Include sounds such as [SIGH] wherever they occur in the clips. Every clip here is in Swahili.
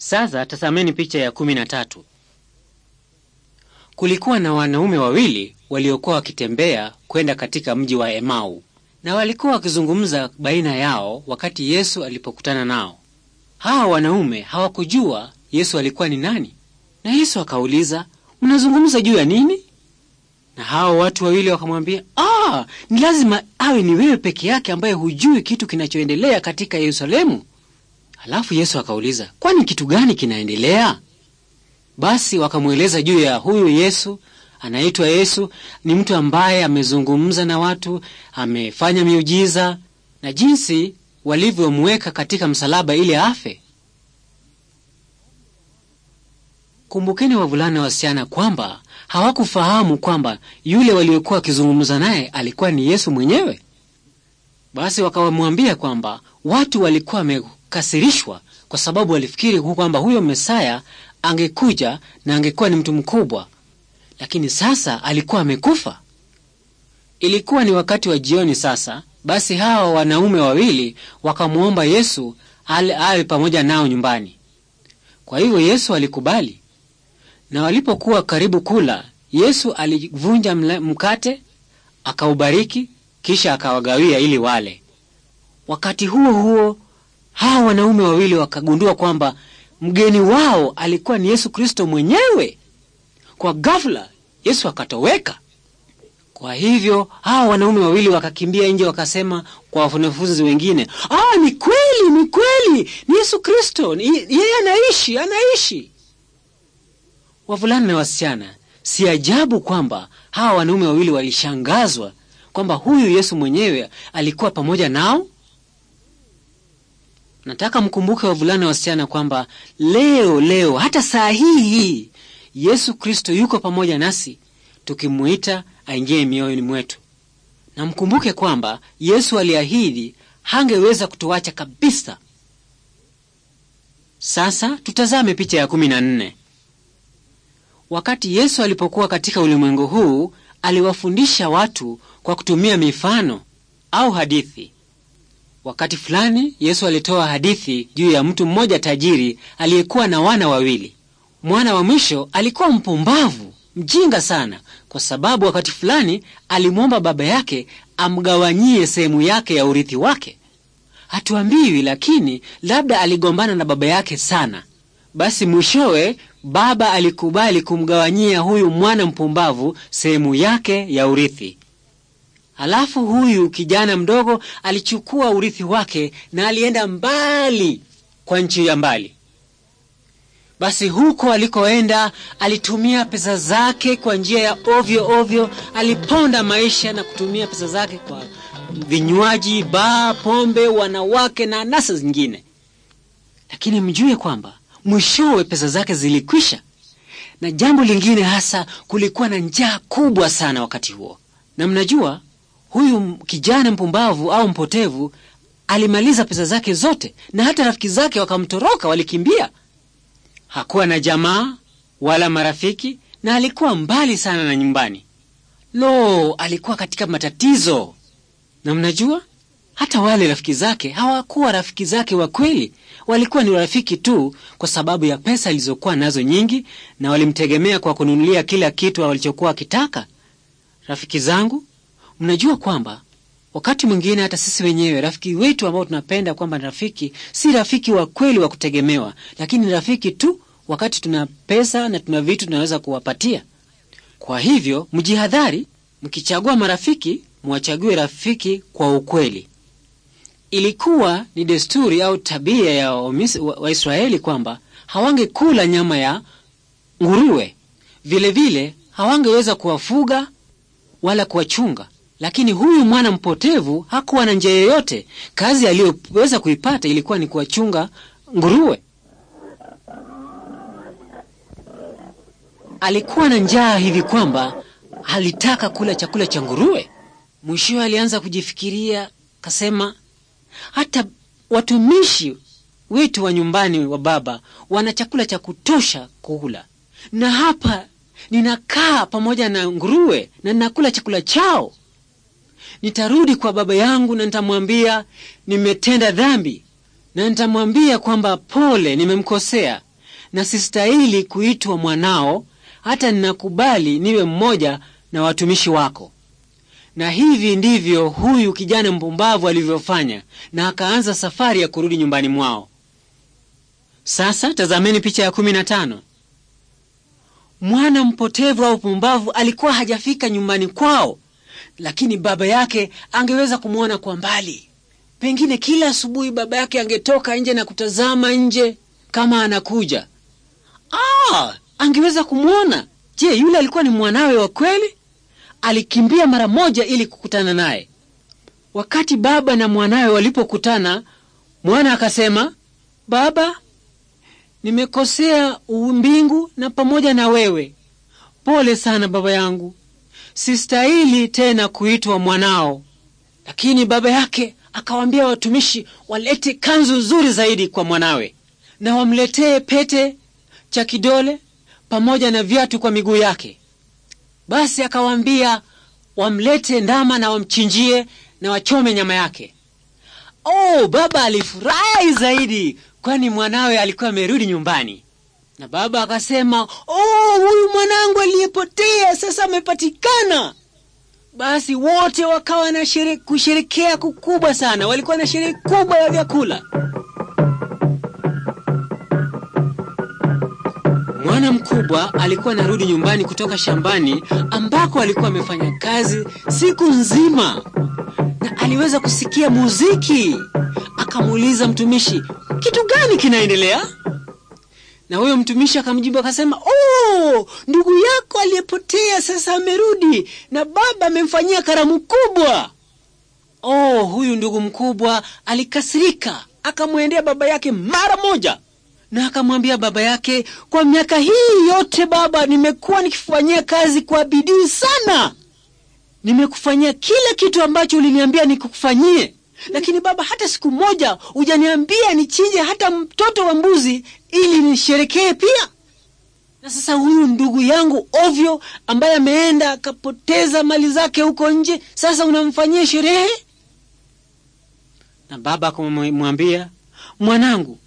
Sasa tazameni picha ya kumi na tatu. Kulikuwa na wanaume wawili waliokuwa wakitembea kwenda katika mji wa Emau, na walikuwa wakizungumza baina yao wakati Yesu alipokutana nao. Hawa wanaume hawakujua Yesu alikuwa ni nani, na Yesu akauliza, mnazungumza juu ya nini? Na hao watu wawili wakamwambia, ah, ni lazima awe ni wewe peke yake ambaye hujui kitu kinachoendelea katika Yerusalemu Halafu Yesu akauliza, kwani kitu gani kinaendelea? Basi wakamweleza juu ya huyu Yesu, anaitwa Yesu, ni mtu ambaye amezungumza na watu, amefanya miujiza na jinsi walivyomweka katika msalaba ili afe. Kumbukeni wavulana, wasichana, kwamba hawakufahamu kwamba yule waliokuwa wakizungumza naye alikuwa ni Yesu mwenyewe. Basi wakawamwambia kwamba watu walikuwa wame kasirishwa kwa sababu alifikiri kwamba huyo Mesaya angekuja na angekuwa ni mtu mkubwa, lakini sasa alikuwa amekufa. Ilikuwa ni wakati wa jioni sasa. Basi hawa wanaume wawili wakamwomba Yesu awe pamoja nao nyumbani. Kwa hivyo Yesu alikubali, na walipokuwa karibu kula, Yesu alivunja mkate akaubariki, kisha akawagawia ili wale. Wakati huo huo hawa wanaume wawili wakagundua kwamba mgeni wao alikuwa ni Yesu Kristo mwenyewe. Kwa ghafla Yesu akatoweka. Kwa hivyo hawa wanaume wawili wakakimbia nje, wakasema kwa wanafunzi wengine, ah, ni kweli, ni kweli, ni Yesu Kristo, yeye anaishi, anaishi. Wavulana na wasichana, si ajabu kwamba hawa wanaume wawili walishangazwa kwamba huyu Yesu mwenyewe alikuwa pamoja nao. Nataka mkumbuke wavulana wasichana kwamba leo leo hata saa hii hii Yesu Kristo yuko pamoja nasi tukimuita aingie mioyoni mwetu. Na mkumbuke kwamba Yesu aliahidi hangeweza kutuacha kabisa. Sasa tutazame picha ya kumi na nne. Wakati Yesu alipokuwa katika ulimwengu huu, aliwafundisha watu kwa kutumia mifano au hadithi. Wakati fulani Yesu alitoa hadithi juu ya mtu mmoja tajiri aliyekuwa na wana wawili. Mwana wa mwisho alikuwa mpumbavu, mjinga sana, kwa sababu wakati fulani alimwomba baba yake amgawanyie sehemu yake ya urithi wake. Hatuambiwi, lakini labda aligombana na baba yake sana. Basi mwishowe baba alikubali kumgawanyia huyu mwana mpumbavu sehemu yake ya urithi. Alafu huyu kijana mdogo alichukua urithi wake na alienda mbali kwa nchi ya mbali. Basi huko alikoenda alitumia pesa zake kwa njia ya ovyo ovyo, aliponda maisha na kutumia pesa zake kwa vinywaji, baa, pombe, wanawake na anasa zingine. Lakini mjue kwamba mwishowe pesa zake zilikwisha, na jambo lingine hasa, kulikuwa na njaa kubwa sana wakati huo, na mnajua Huyu kijana mpumbavu au mpotevu alimaliza pesa zake zote, na hata rafiki zake wakamtoroka, walikimbia. Hakuwa na jamaa wala marafiki, na alikuwa mbali sana na nyumbani. Lo, alikuwa katika matatizo. Na mnajua hata wale rafiki zake hawakuwa rafiki zake wa kweli, walikuwa ni rafiki tu kwa sababu ya pesa alizokuwa nazo nyingi, na walimtegemea kwa kununulia kila kitu walichokuwa wakitaka. Rafiki zangu, Mnajua kwamba wakati mwingine hata sisi wenyewe rafiki wetu ambao tunapenda kwamba ni rafiki, si rafiki wa kweli wa kutegemewa, lakini ni rafiki tu wakati tuna pesa na tuna vitu tunaweza kuwapatia. Kwa hivyo mjihadhari, mkichagua marafiki mwachague rafiki kwa ukweli. Ilikuwa ni desturi au tabia ya Waisraeli wa kwamba hawangekula nyama ya nguruwe, vilevile hawangeweza kuwafuga wala kuwachunga. Lakini huyu mwana mpotevu hakuwa na njia yoyote. Kazi aliyoweza kuipata ilikuwa ni kuwachunga nguruwe. Alikuwa na njaa hivi kwamba alitaka kula chakula cha nguruwe. Mwishowe alianza kujifikiria, kasema, hata watumishi wetu wa nyumbani wa baba wana chakula cha kutosha kula, na hapa ninakaa pamoja na nguruwe na ninakula chakula chao nitarudi kwa baba yangu na nitamwambia nimetenda dhambi, na nitamwambia kwamba pole, nimemkosea na sistahili kuitwa mwanao, hata ninakubali niwe mmoja na watumishi wako. Na hivi ndivyo huyu kijana mpumbavu alivyofanya, na akaanza safari ya kurudi nyumbani mwao. Sasa tazameni picha ya kumi na tano. Mwana mpotevu au pumbavu alikuwa hajafika nyumbani kwao lakini baba yake angeweza kumwona kwa mbali. Pengine kila asubuhi baba yake angetoka nje na kutazama nje kama anakuja. Ah, angeweza kumwona. Je, yule alikuwa ni mwanawe wa kweli? Alikimbia mara moja ili kukutana naye. Wakati baba na mwanawe walipokutana, mwana akasema, baba, nimekosea mbingu na pamoja na wewe. Pole sana baba yangu, sistahili tena kuitwa mwanao. Lakini baba yake akawaambia watumishi walete kanzu nzuri zaidi kwa mwanawe na wamletee pete cha kidole pamoja na viatu kwa miguu yake. Basi akawaambia wamlete ndama na wamchinjie na wachome nyama yake. Oh, baba alifurahi zaidi, kwani mwanawe alikuwa amerudi nyumbani. Na baba akasema, oh, huyu mwanangu aliyepotea sasa amepatikana. Basi wote wakawa na shere, kusherekea kukubwa sana. Walikuwa na sherehe kubwa ya vyakula. Mwana mkubwa alikuwa anarudi nyumbani kutoka shambani ambako alikuwa amefanya kazi siku nzima, na aliweza kusikia muziki. Akamuuliza mtumishi, kitu gani kinaendelea? Na huyo mtumishi akamjibu akasema, oh, ndugu yako aliyepotea sasa amerudi na baba amemfanyia karamu kubwa. Oh, huyu ndugu mkubwa alikasirika, akamwendea baba yake mara moja na akamwambia baba yake, kwa miaka hii yote baba, nimekuwa nikifanyia kazi kwa bidii sana, nimekufanyia kila kitu ambacho uliniambia nikukufanyie, lakini baba, hata siku moja hujaniambia nichinje hata mtoto wa mbuzi ili nisherekee pia. Na sasa huyu ndugu yangu ovyo ambaye ameenda akapoteza mali zake huko nje, sasa unamfanyia sherehe? Na baba akamwambia, mwanangu,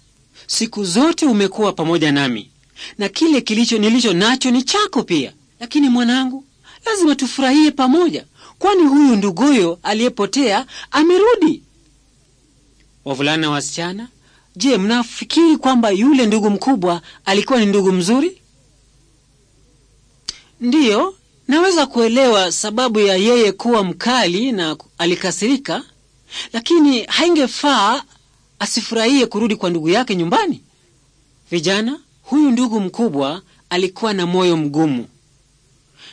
siku zote umekuwa pamoja nami na kile kilicho nilicho nacho ni chako pia. Lakini mwanangu, lazima tufurahie pamoja kwani huyu nduguyo aliyepotea amerudi. Wavulana wasichana, je, mnafikiri kwamba yule ndugu mkubwa alikuwa ni ndugu mzuri? Ndiyo, naweza kuelewa sababu ya yeye kuwa mkali na alikasirika, lakini haingefaa asifurahie kurudi kwa ndugu yake nyumbani. Vijana, huyu ndugu mkubwa alikuwa na moyo mgumu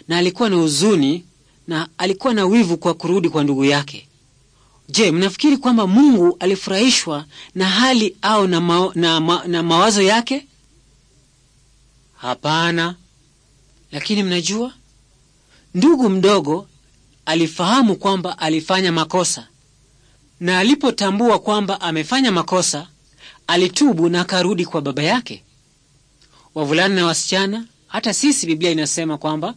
na alikuwa na huzuni na alikuwa na wivu kwa kurudi kwa ndugu yake. Je, mnafikiri kwamba Mungu alifurahishwa na hali au na, ma, na, ma, na mawazo yake? Hapana. Lakini mnajua, ndugu mdogo alifahamu kwamba alifanya makosa, na alipotambua kwamba amefanya makosa alitubu na akarudi kwa baba yake. Wavulana na wasichana, hata sisi Biblia inasema kwamba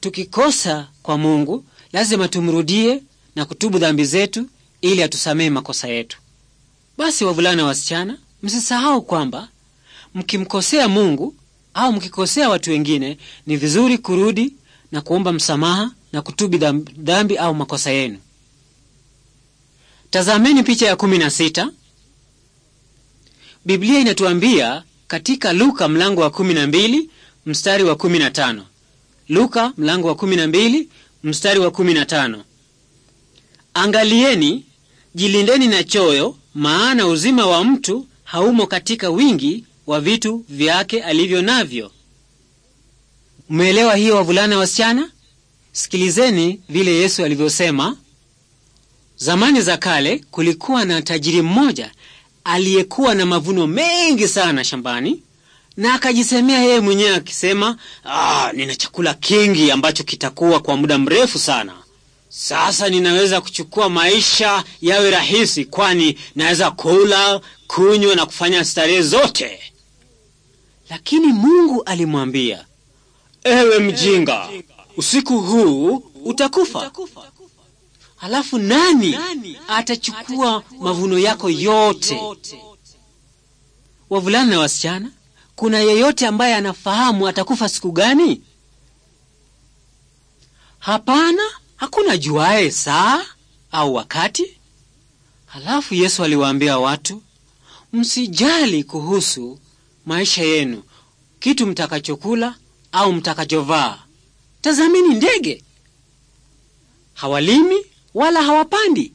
Tukikosa kwa Mungu lazima tumrudie na kutubu dhambi zetu ili atusamehe makosa yetu. Basi wavulana wasichana, msisahau kwamba mkimkosea Mungu au mkikosea watu wengine, ni vizuri kurudi na kuomba msamaha na kutubi dhambi au makosa yenu. Tazameni picha ya kumi na sita. Biblia inatuambia katika Luka mlango wa kumi na mbili mstari wa kumi na tano Luka mlango wa 12 mstari wa 15. Angalieni, jilindeni na choyo, maana uzima wa mtu haumo katika wingi wa vitu vyake alivyo navyo. Mmeelewa hiyo, wavulana wasichana? Sikilizeni vile Yesu alivyosema. Zamani za kale kulikuwa na tajiri mmoja aliyekuwa na mavuno mengi sana shambani na akajisemea yeye mwenyewe akisema, ah, nina chakula kingi ambacho kitakuwa kwa muda mrefu sana. Sasa ninaweza kuchukua maisha yawe rahisi, kwani naweza kula, kunywa na kufanya starehe zote. Lakini Mungu alimwambia, ewe mjinga, usiku huu utakufa. Halafu nani atachukua mavuno yako yote? Wavulana na wasichana, kuna yeyote ambaye anafahamu atakufa siku gani? Hapana, hakuna juaye saa au wakati. Halafu Yesu aliwaambia watu, msijali kuhusu maisha yenu, kitu mtakachokula au mtakachovaa. Tazamini ndege, hawalimi wala hawapandi,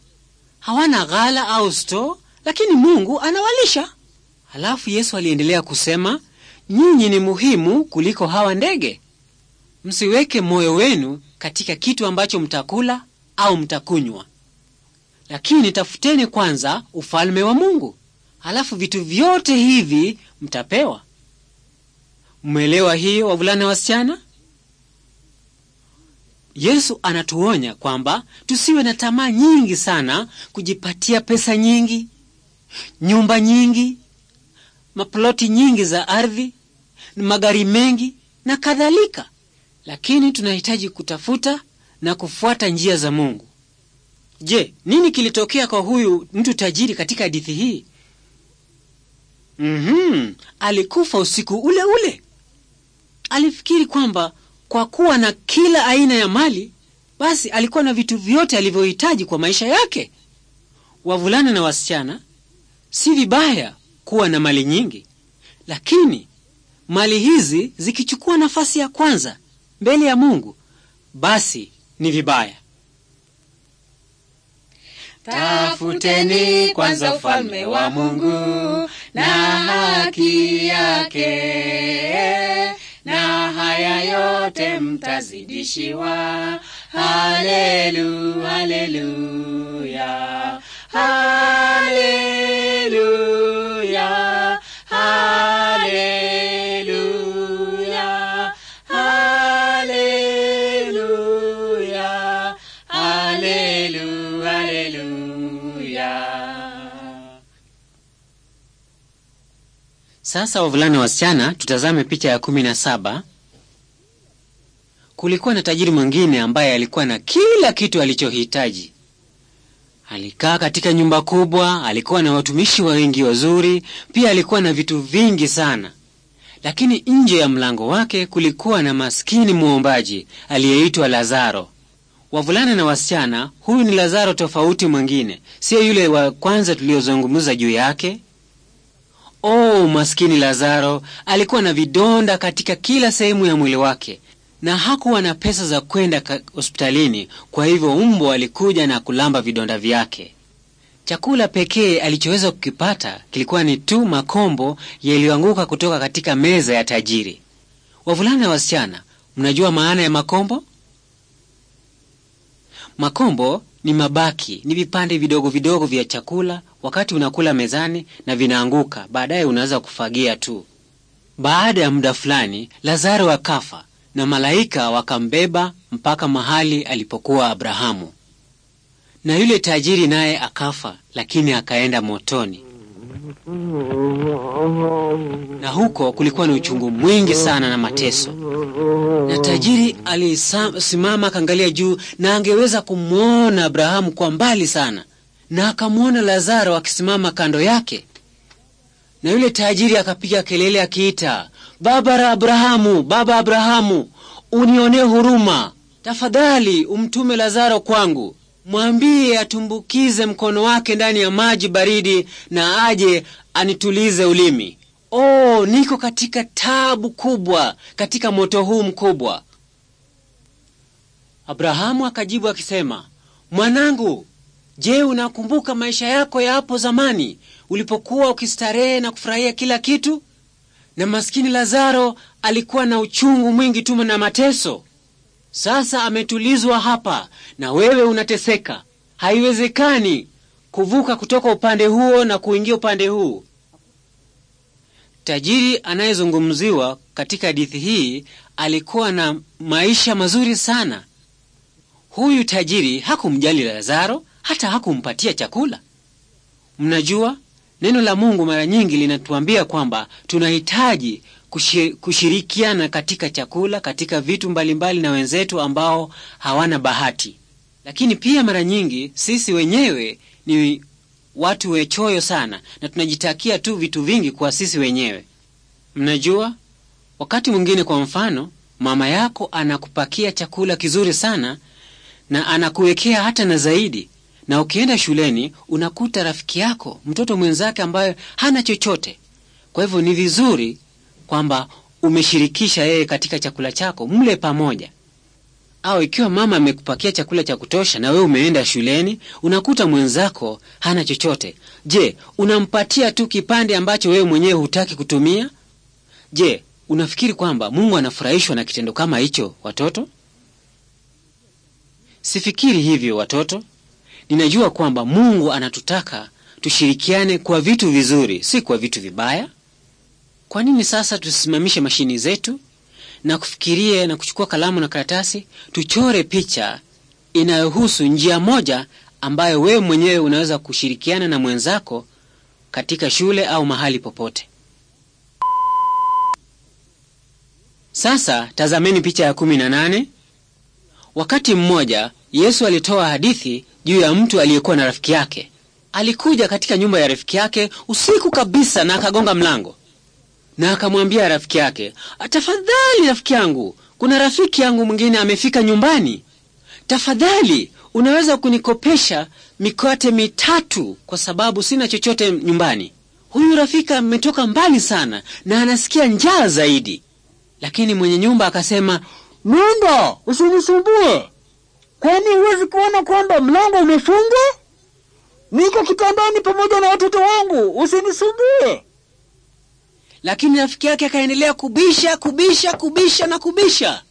hawana ghala au stoo, lakini Mungu anawalisha. Halafu Yesu aliendelea kusema, nyinyi ni muhimu kuliko hawa ndege. Msiweke moyo wenu katika kitu ambacho mtakula au mtakunywa, lakini tafuteni kwanza ufalme wa Mungu, halafu vitu vyote hivi mtapewa. Mmeelewa hiyo, wavulana, wasichana? Yesu anatuonya kwamba tusiwe na tamaa nyingi sana, kujipatia pesa nyingi, nyumba nyingi maploti nyingi za ardhi, magari mengi na kadhalika, lakini tunahitaji kutafuta na kufuata njia za Mungu. Je, nini kilitokea kwa huyu mtu tajiri katika hadithi hii? Mm-hmm. Alikufa usiku ule ule. Alifikiri kwamba kwa kuwa na kila aina ya mali, basi alikuwa na vitu vyote alivyohitaji kwa maisha yake. Wavulana na wasichana, si vibaya kuwa na mali nyingi, lakini mali hizi zikichukua nafasi ya kwanza mbele ya Mungu, basi ni vibaya. Tafuteni kwanza ufalme wa Mungu na haki yake, na haya yote mtazidishiwa. Halelu, haleluya, haleluya. Sasa wavulana wasichana, tutazame picha ya kumi na saba. Kulikuwa na tajiri mwingine ambaye alikuwa na kila kitu alichohitaji. Alikaa katika nyumba kubwa, alikuwa na watumishi wengi wazuri, pia alikuwa na vitu vingi sana. Lakini nje ya mlango wake kulikuwa na maskini mwombaji aliyeitwa Lazaro. Wavulana na wasichana, huyu ni Lazaro tofauti mwingine, sio yule wa kwanza tuliyozungumza juu yake. Oh, maskini Lazaro alikuwa na vidonda katika kila sehemu ya mwili wake na hakuwa na pesa za kwenda hospitalini. Kwa hivyo mbwa alikuja na kulamba vidonda vyake. Chakula pekee alichoweza kukipata kilikuwa ni tu makombo yaliyoanguka kutoka katika meza ya tajiri. Wavulana na wasichana, mnajua maana ya makombo? Makombo ni mabaki, ni vipande vidogo vidogo vya chakula wakati unakula mezani na vinaanguka, baadaye unaweza kufagia tu. Baada ya muda fulani, Lazaro akafa na malaika wakambeba mpaka mahali alipokuwa Abrahamu. Na yule tajiri naye akafa, lakini akaenda motoni na huko kulikuwa ni uchungu mwingi sana na mateso, na tajiri alisimama akaangalia juu, na angeweza kumwona Abrahamu kwa mbali sana, na akamwona Lazaro akisimama kando yake. Na yule tajiri akapiga kelele akiita, baba ra Abrahamu, baba Abrahamu, unionee huruma, tafadhali umtume Lazaro kwangu mwambie atumbukize mkono wake ndani ya maji baridi na aje anitulize ulimi. Oh, niko katika tabu kubwa, katika moto huu mkubwa. Abrahamu akajibu akisema, mwanangu, je, unakumbuka maisha yako ya hapo zamani ulipokuwa ukistarehe na kufurahia kila kitu? Na maskini Lazaro alikuwa na uchungu mwingi tu na mateso. Sasa ametulizwa hapa na wewe unateseka. Haiwezekani kuvuka kutoka upande huo na kuingia upande huu. Tajiri anayezungumziwa katika hadithi hii alikuwa na maisha mazuri sana. Huyu tajiri hakumjali Lazaro, hata hakumpatia chakula. Mnajua neno la Mungu mara nyingi linatuambia kwamba tunahitaji kushirikiana katika chakula, katika vitu mbalimbali na wenzetu ambao hawana bahati. Lakini pia mara nyingi sisi wenyewe ni watu wechoyo sana na tunajitakia tu vitu vingi kwa sisi wenyewe. Mnajua, wakati mwingine, kwa mfano, mama yako anakupakia chakula kizuri sana na anakuwekea hata na zaidi, na ukienda shuleni unakuta rafiki yako mtoto mwenzake ambaye hana chochote. Kwa hivyo ni vizuri kwamba umeshirikisha yeye katika chakula chako, mle pamoja. Au ikiwa mama amekupakia chakula cha kutosha na wewe umeenda shuleni, unakuta mwenzako hana chochote, je, unampatia tu kipande ambacho wewe mwenyewe hutaki kutumia? Je, unafikiri kwamba Mungu anafurahishwa na kitendo kama hicho, watoto? Sifikiri hivyo, watoto. Ninajua kwamba Mungu anatutaka tushirikiane kwa vitu vizuri, si kwa vitu vibaya. Kwa nini sasa tusimamishe mashini zetu na kufikirie na kuchukua kalamu na karatasi tuchore picha inayohusu njia moja ambayo wewe mwenyewe unaweza kushirikiana na mwenzako katika shule au mahali popote. Sasa tazameni picha ya kumi na nane. Wakati mmoja Yesu alitoa hadithi juu ya mtu aliyekuwa na rafiki yake. Alikuja katika nyumba ya rafiki yake usiku kabisa na akagonga mlango na akamwambia rafiki yake, tafadhali rafiki yangu, kuna rafiki yangu mwingine amefika nyumbani, tafadhali unaweza kunikopesha mikate mitatu kwa sababu sina chochote nyumbani. Huyu rafiki ametoka mbali sana na anasikia njaa zaidi. Lakini mwenye nyumba akasema, nenda, usinisumbue. Kwani huwezi kuona kwamba mlango umefungwa? Niko kitandani pamoja na watoto wangu, usinisumbue. Lakini rafiki yake akaendelea kubisha, kubisha, kubisha na kubisha.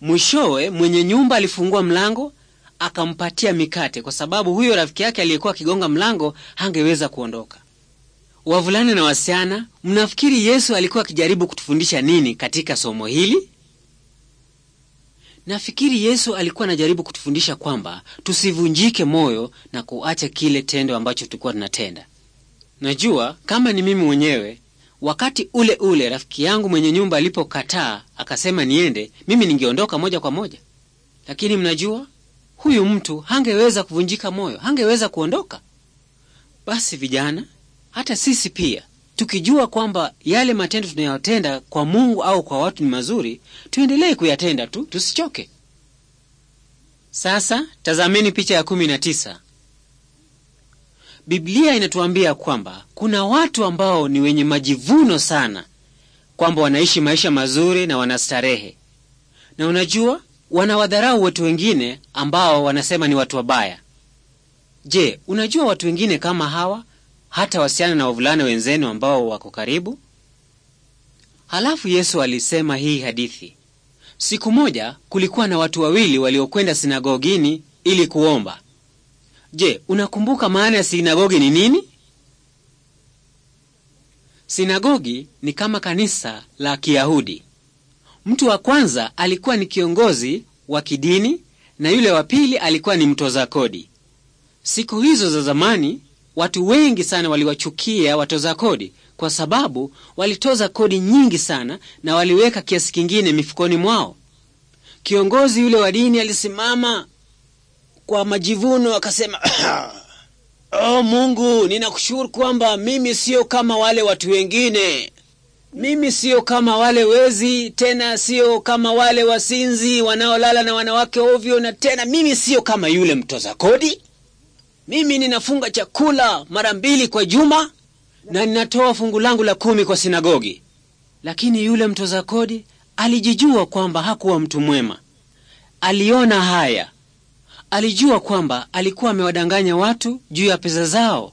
Mwishowe mwenye nyumba alifungua mlango akampatia mikate, kwa sababu huyo rafiki yake aliyekuwa akigonga mlango hangeweza kuondoka. Wavulana na wasichana, mnafikiri Yesu alikuwa akijaribu kutufundisha nini katika somo hili? Nafikiri Yesu alikuwa anajaribu kutufundisha kwamba tusivunjike moyo na kuacha kile tendo ambacho tulikuwa tunatenda. Najua kama ni mimi mwenyewe, Wakati ule ule rafiki yangu mwenye nyumba alipokataa akasema niende, mimi ningeondoka moja kwa moja, lakini mnajua huyu mtu hangeweza kuvunjika moyo, hangeweza kuondoka. Basi vijana, hata sisi pia tukijua kwamba yale matendo tunayotenda kwa Mungu au kwa watu ni mazuri, tuendelee kuyatenda tu, tusichoke. Sasa tazameni picha ya kumi na tisa. Biblia inatuambia kwamba kuna watu ambao ni wenye majivuno sana kwamba wanaishi maisha mazuri na wanastarehe, na unajua, wanawadharau watu wengine ambao wanasema ni watu wabaya. Je, unajua watu wengine kama hawa hata wasichana na wavulana wenzenu ambao wako karibu? Halafu Yesu alisema hii hadithi. Siku moja kulikuwa na watu wawili waliokwenda sinagogini ili kuomba. Je, unakumbuka maana ya sinagogi ni nini? Sinagogi ni kama kanisa la Kiyahudi. Mtu wa kwanza alikuwa ni kiongozi wa kidini na yule wa pili alikuwa ni mtoza kodi. Siku hizo za zamani, watu wengi sana waliwachukia watoza kodi kwa sababu walitoza kodi nyingi sana na waliweka kiasi kingine mifukoni mwao. Kiongozi yule wa dini alisimama kwa majivuno akasema, [CLEARS THROAT] Oh Mungu, ninakushukuru kwamba mimi sio kama wale watu wengine. Mimi sio kama wale wezi, tena sio kama wale wasinzi wanaolala na wanawake ovyo, na tena mimi sio kama yule mtoza kodi. Mimi ninafunga chakula mara mbili kwa juma na ninatoa fungu langu la kumi kwa sinagogi. Lakini yule mtoza kodi alijijua kwamba hakuwa mtu mwema. Aliona haya alijua kwamba alikuwa amewadanganya watu juu ya pesa zao.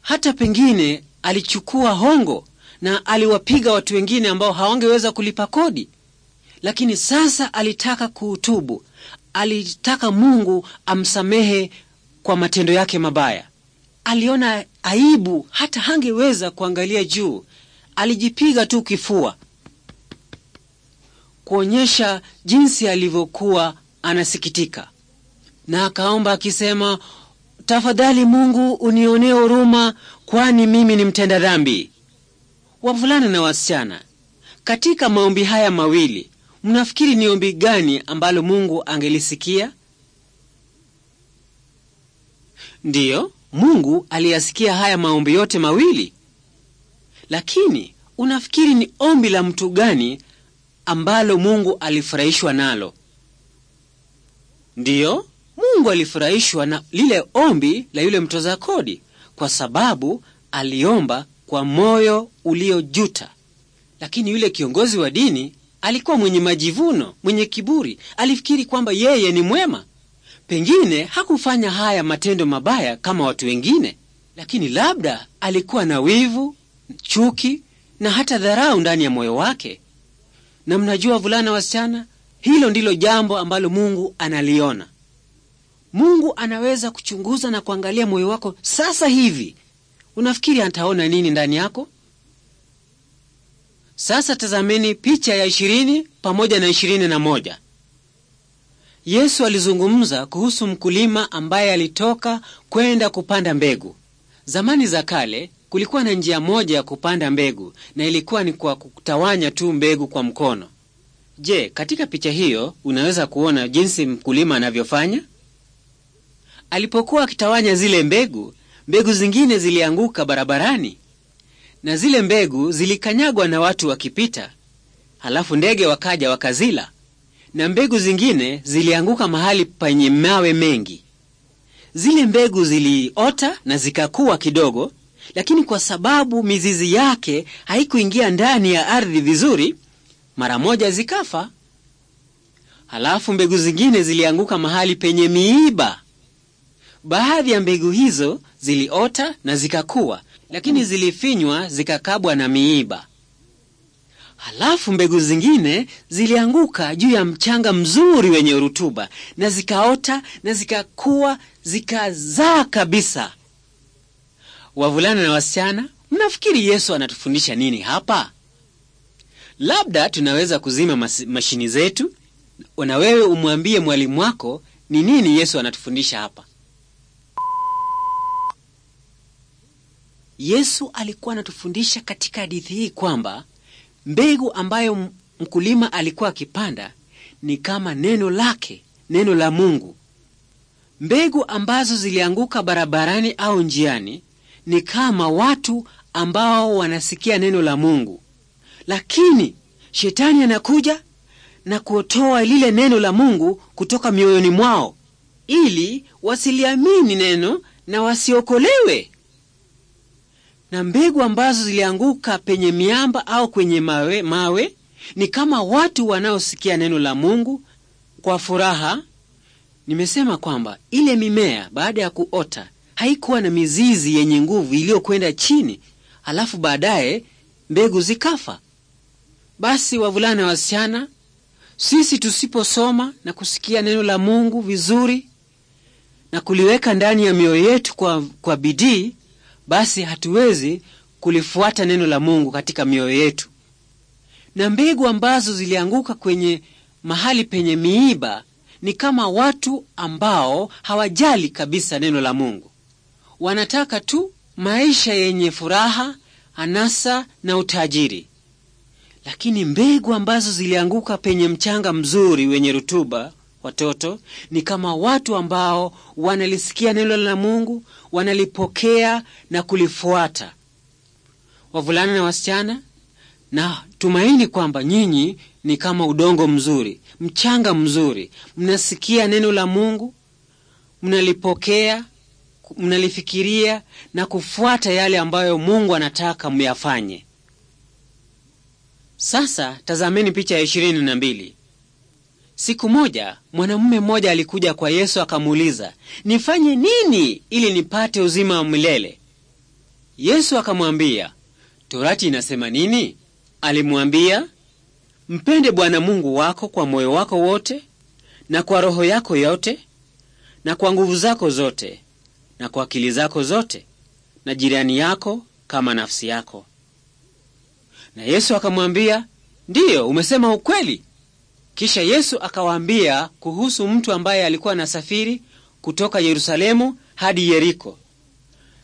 Hata pengine alichukua hongo na aliwapiga watu wengine ambao hawangeweza kulipa kodi, lakini sasa alitaka kuutubu. Alitaka Mungu amsamehe kwa matendo yake mabaya. Aliona aibu, hata hangeweza kuangalia juu, alijipiga tu kifua kuonyesha jinsi alivyokuwa anasikitika na akaomba akisema, tafadhali Mungu unionee huruma, kwani mimi ni mtenda dhambi. Wavulana na wasichana, katika maombi haya mawili mnafikiri ni ombi gani ambalo Mungu angelisikia? Ndiyo, Mungu aliyasikia haya maombi yote mawili, lakini unafikiri ni ombi la mtu gani ambalo Mungu alifurahishwa nalo? Ndiyo, Mungu alifurahishwa na lile ombi la yule mtoza kodi kwa sababu aliomba kwa moyo uliojuta. Lakini yule kiongozi wa dini alikuwa mwenye majivuno, mwenye kiburi, alifikiri kwamba yeye ni mwema. Pengine hakufanya haya matendo mabaya kama watu wengine, lakini labda alikuwa na wivu, chuki na hata dharau ndani ya moyo wake. Na mnajua, vulana wasichana, hilo ndilo jambo ambalo Mungu analiona. Mungu anaweza kuchunguza na kuangalia moyo wako sasa hivi. Unafikiri ataona nini ndani yako? Sasa tazameni picha ya ishirini pamoja na ishirini na moja. Yesu alizungumza kuhusu mkulima ambaye alitoka kwenda kupanda mbegu. Zamani za kale kulikuwa na njia moja ya kupanda mbegu na ilikuwa ni kwa kutawanya tu mbegu kwa mkono. Je, katika picha hiyo unaweza kuona jinsi mkulima anavyofanya? Alipokuwa akitawanya zile mbegu, mbegu zingine zilianguka barabarani, na zile mbegu zilikanyagwa na watu wakipita. Halafu ndege wakaja wakazila, na mbegu zingine zilianguka mahali penye mawe mengi. Zile mbegu ziliota na zikakuwa kidogo, lakini kwa sababu mizizi yake haikuingia ndani ya ardhi vizuri, mara moja zikafa. Halafu mbegu zingine zilianguka mahali penye miiba Baadhi ya mbegu hizo ziliota na zikakua, lakini zilifinywa zikakabwa na miiba. Halafu mbegu zingine zilianguka juu ya mchanga mzuri wenye rutuba na zikaota na zikakua zikazaa kabisa. Wavulana na wasichana, mnafikiri Yesu anatufundisha nini hapa? Labda tunaweza kuzima mashini zetu na wewe umwambie mwalimu wako ni nini Yesu anatufundisha hapa. Yesu alikuwa anatufundisha katika hadithi hii kwamba mbegu ambayo mkulima alikuwa akipanda ni kama neno lake, neno la Mungu. Mbegu ambazo zilianguka barabarani au njiani ni kama watu ambao wanasikia neno la Mungu, lakini shetani anakuja na kuotoa lile neno la Mungu kutoka mioyoni mwao ili wasiliamini neno na wasiokolewe na mbegu ambazo zilianguka penye miamba au kwenye mawe, mawe ni kama watu wanaosikia neno la Mungu kwa furaha. Nimesema kwamba ile mimea baada ya kuota haikuwa na mizizi yenye nguvu iliyokwenda chini, alafu baadaye mbegu zikafa. Basi wavulana, wasichana, sisi tusiposoma na kusikia neno la Mungu vizuri na kuliweka ndani ya mioyo yetu kwa, kwa bidii basi hatuwezi kulifuata neno la Mungu katika mioyo yetu. Na mbegu ambazo zilianguka kwenye mahali penye miiba ni kama watu ambao hawajali kabisa neno la Mungu. Wanataka tu maisha yenye furaha, anasa na utajiri. Lakini mbegu ambazo zilianguka penye mchanga mzuri wenye rutuba watoto ni kama watu ambao wanalisikia neno la Mungu, wanalipokea na kulifuata. Wavulana na wasichana, na tumaini kwamba nyinyi ni kama udongo mzuri, mchanga mzuri, mnasikia neno la Mungu, mnalipokea, mnalifikiria na kufuata yale ambayo Mungu anataka myafanye. Sasa tazameni picha ya ishirini na mbili. Siku moja mwanamume mmoja alikuja kwa Yesu akamuuliza, nifanye nini ili nipate uzima wa milele? Yesu akamwambia, torati inasema nini? Alimwambia, mpende Bwana Mungu wako kwa moyo wako wote na kwa roho yako yote na kwa nguvu zako zote na kwa akili zako zote na jirani yako kama nafsi yako. Na Yesu akamwambia, ndiyo, umesema ukweli. Kisha Yesu akawaambia kuhusu mtu ambaye alikuwa anasafiri kutoka Yerusalemu hadi Yeriko,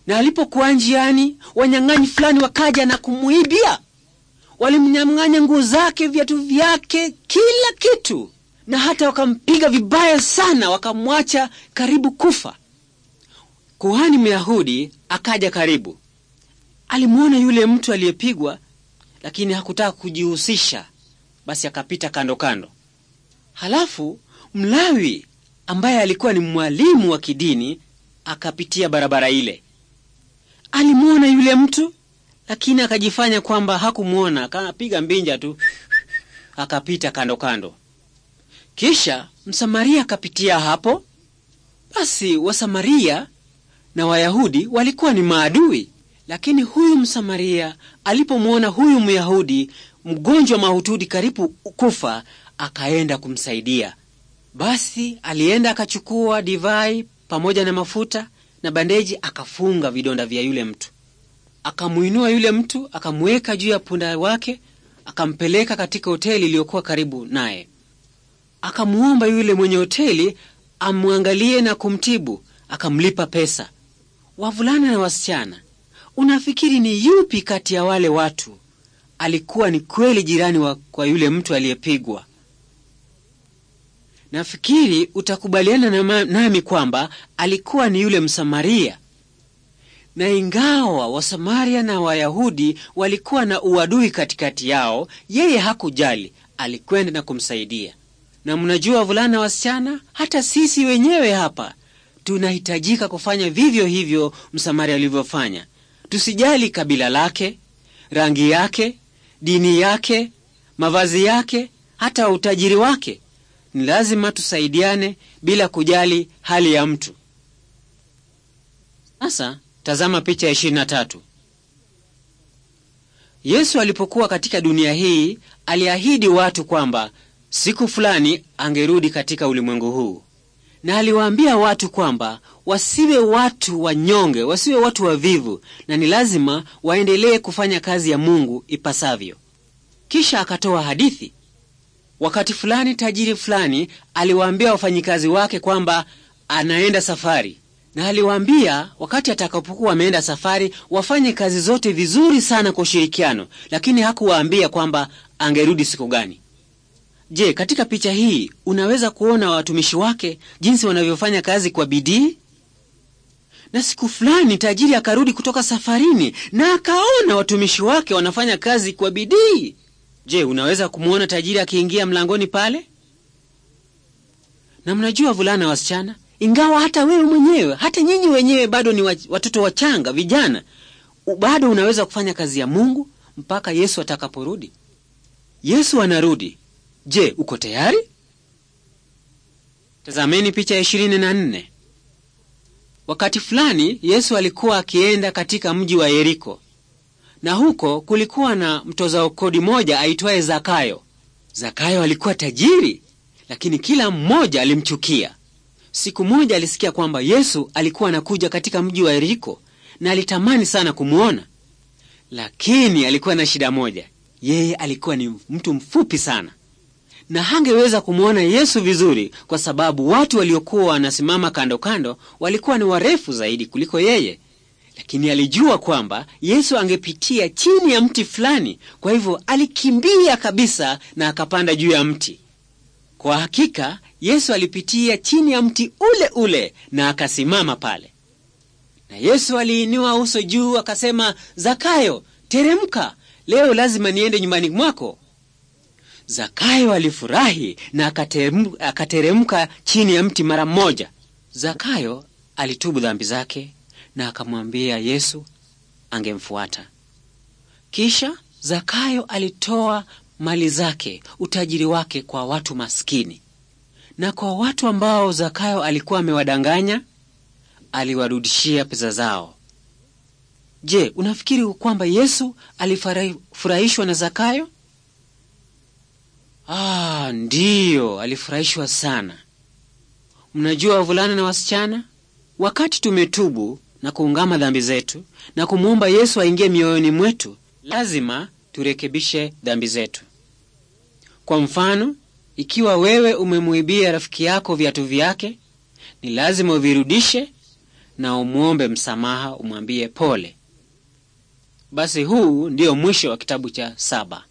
na alipokuwa njiani, wanyang'anyi fulani wakaja na kumwibia. Walimnyang'anya nguo zake, viatu vyake, kila kitu, na hata wakampiga vibaya sana, wakamwacha karibu kufa. Kuhani Myahudi akaja karibu, alimwona yule mtu aliyepigwa, lakini hakutaka kujihusisha. Basi akapita kando kando. Halafu Mlawi ambaye alikuwa ni mwalimu wa kidini akapitia barabara ile. Alimwona yule mtu lakini akajifanya kwamba hakumwona, akapiga mbinja tu akapita kando kando. Kisha Msamaria akapitia hapo. Basi Wasamaria na Wayahudi walikuwa ni maadui, lakini huyu Msamaria alipomwona huyu Myahudi mgonjwa mahututi karibu kufa, akaenda kumsaidia. Basi alienda akachukua divai pamoja na mafuta na bandeji, akafunga vidonda vya yule mtu, akamuinua yule mtu, akamuweka juu ya punda wake, akampeleka katika hoteli iliyokuwa karibu naye. Akamuomba yule mwenye hoteli amwangalie na kumtibu, akamlipa pesa. Wavulana na wasichana, unafikiri ni yupi kati ya wale watu alikuwa ni kweli jirani wa kwa yule mtu aliyepigwa? Nafikiri utakubaliana na nami kwamba alikuwa ni yule Msamaria. Na ingawa Wasamaria na Wayahudi walikuwa na uadui katikati yao, yeye hakujali, alikwenda na kumsaidia. Na mnajua, vulana wasichana, hata sisi wenyewe hapa tunahitajika kufanya vivyo hivyo Msamaria alivyofanya. Tusijali kabila lake, rangi yake, dini yake, mavazi yake, hata utajiri wake. Ni lazima tusaidiane bila kujali hali ya mtu. Sasa tazama picha ya ishirini na tatu. Yesu alipokuwa katika dunia hii aliahidi watu kwamba siku fulani angerudi katika ulimwengu huu, na aliwaambia watu kwamba wasiwe watu wanyonge, wasiwe watu wavivu, na ni lazima waendelee kufanya kazi ya Mungu ipasavyo. Kisha akatoa hadithi Wakati fulani tajiri fulani aliwaambia wafanyikazi wake kwamba anaenda safari, na aliwaambia wakati atakapokuwa ameenda safari wafanye kazi zote vizuri sana kwa ushirikiano, lakini hakuwaambia kwamba angerudi siku gani. Je, katika picha hii unaweza kuona watumishi wake jinsi wanavyofanya kazi kwa bidii? Na siku fulani tajiri akarudi kutoka safarini na akaona watumishi wake wanafanya kazi kwa bidii. Je, unaweza kumwona tajiri akiingia mlangoni pale? Na mnajua vulana, wasichana, ingawa hata wewe mwenyewe, hata nyinyi wenyewe bado ni watoto wachanga, vijana, bado unaweza kufanya kazi ya Mungu mpaka Yesu atakaporudi. Yesu anarudi. Je, uko tayari? Tazameni picha ya ishirini na nne. Wakati fulani Yesu alikuwa akienda katika mji wa Yeriko na huko kulikuwa na mtoza kodi moja aitwaye Zakayo. Zakayo alikuwa tajiri, lakini kila mmoja alimchukia. Siku moja alisikia kwamba Yesu alikuwa anakuja katika mji wa Yeriko na alitamani sana kumwona, lakini alikuwa na shida moja. Yeye alikuwa ni mtu mfupi sana na hangeweza kumwona Yesu vizuri kwa sababu watu waliokuwa wanasimama kando kando walikuwa ni warefu zaidi kuliko yeye lakini alijua kwamba Yesu angepitia chini ya mti fulani, kwa hivyo alikimbia kabisa na akapanda juu ya mti. Kwa hakika Yesu alipitia chini ya mti ule ule na akasimama pale, na Yesu aliinua uso juu akasema, Zakayo, teremka, leo lazima niende nyumbani mwako. Zakayo alifurahi na akateremka chini ya mti mara mmoja. Zakayo alitubu dhambi zake na akamwambia Yesu angemfuata. Kisha Zakayo alitoa mali zake, utajiri wake kwa watu maskini, na kwa watu ambao Zakayo alikuwa amewadanganya aliwarudishia pesa zao. Je, unafikiri kwamba Yesu alifurahishwa na Zakayo? Ah, ndiyo, alifurahishwa sana. Mnajua wavulana na wasichana, wakati tumetubu na kuungama dhambi zetu na kumwomba Yesu aingie mioyoni mwetu, lazima turekebishe dhambi zetu. Kwa mfano, ikiwa wewe umemuibia rafiki yako viatu vyake, ni lazima uvirudishe na umwombe msamaha, umwambie pole. Basi huu ndiyo mwisho wa kitabu cha saba.